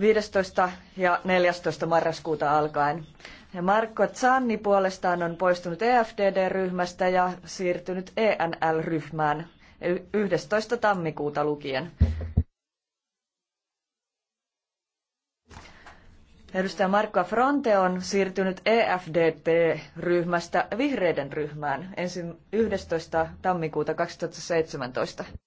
15. ja 14. marraskuuta alkaen. Ja Marko Zanni puolestaan on poistunut EFDD-ryhmästä ja siirtynyt ENL-ryhmään 11. tammikuuta lukien. Edustaja Marko Fronte on siirtynyt EFDT-ryhmästä vihreiden ryhmään ensin 11. tammikuuta 2017.